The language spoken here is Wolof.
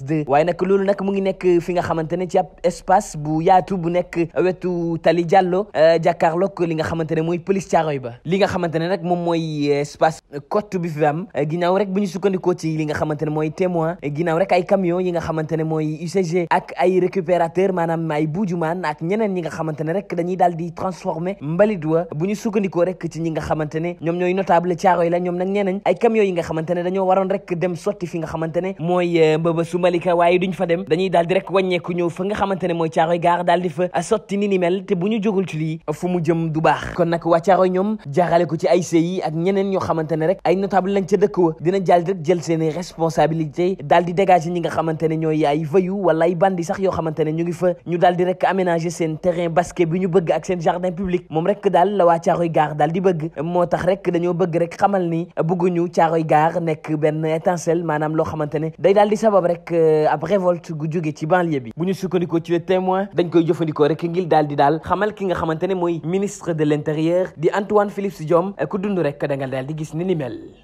PSD waaye nag loolu nag mu ngi nekk fi nga xamante ne ci ab espace bu yaatu bu nekk wetu Tali Diallo euh, jàkkaarloog li nga xamante ne mooy police Thiaroye ba li nga xamante ne nag moom mooy euh, espace côte bi fi am euh, ginnaaw rek bu ñu sukkandikoo ci li nga xamante ne mooy témoin ginnaaw rek ay camion yi nga xamante ne mooy UCG ak ay récupérateur maanaam ay buujumaan ak ñeneen ñi nga xamante ne rek dañuy daal di transformer mbalit wa bu ñu sukkandikoo rek ci ñi nga xamante ne ñoom ñooy notable Thiaroye la ñoom nag ñeneen ay camion yi nga xamante ne dañoo waroon rek dem sotti fi nga xamante ne mooy mbëbë su Malika waaye duñ fa dem dañuy daal di rek wàññeeku ñëw fa nga xamante ne mooy caaroy gaar daal di fa sotti ni ni mel te bu du di dégager ñi nga xamante ne ñooy ay vayu wala ay bandi sax yoo xamante ne ñu ngi fa ñu daal di rek aménager seen terrain basket bi ñu bëgg ak seen jardin public moom di bëgg moo tax rek dañoo bëgg rek xamal ni bëgguñu caaroy gaar nekk benn étincelle maanaam loo xamante ne day daal rek Euh, ab révolte gu jóge ci banlieue bi bu ñu sukkandikoo ci le témoin dañ koy jëfandikoo rek ngir daal di daal xamal ki nga xamante ne mooy ministre de l'intérieur di Antoine Félix Diome ku dund rek da nga daal di gis ni ni mel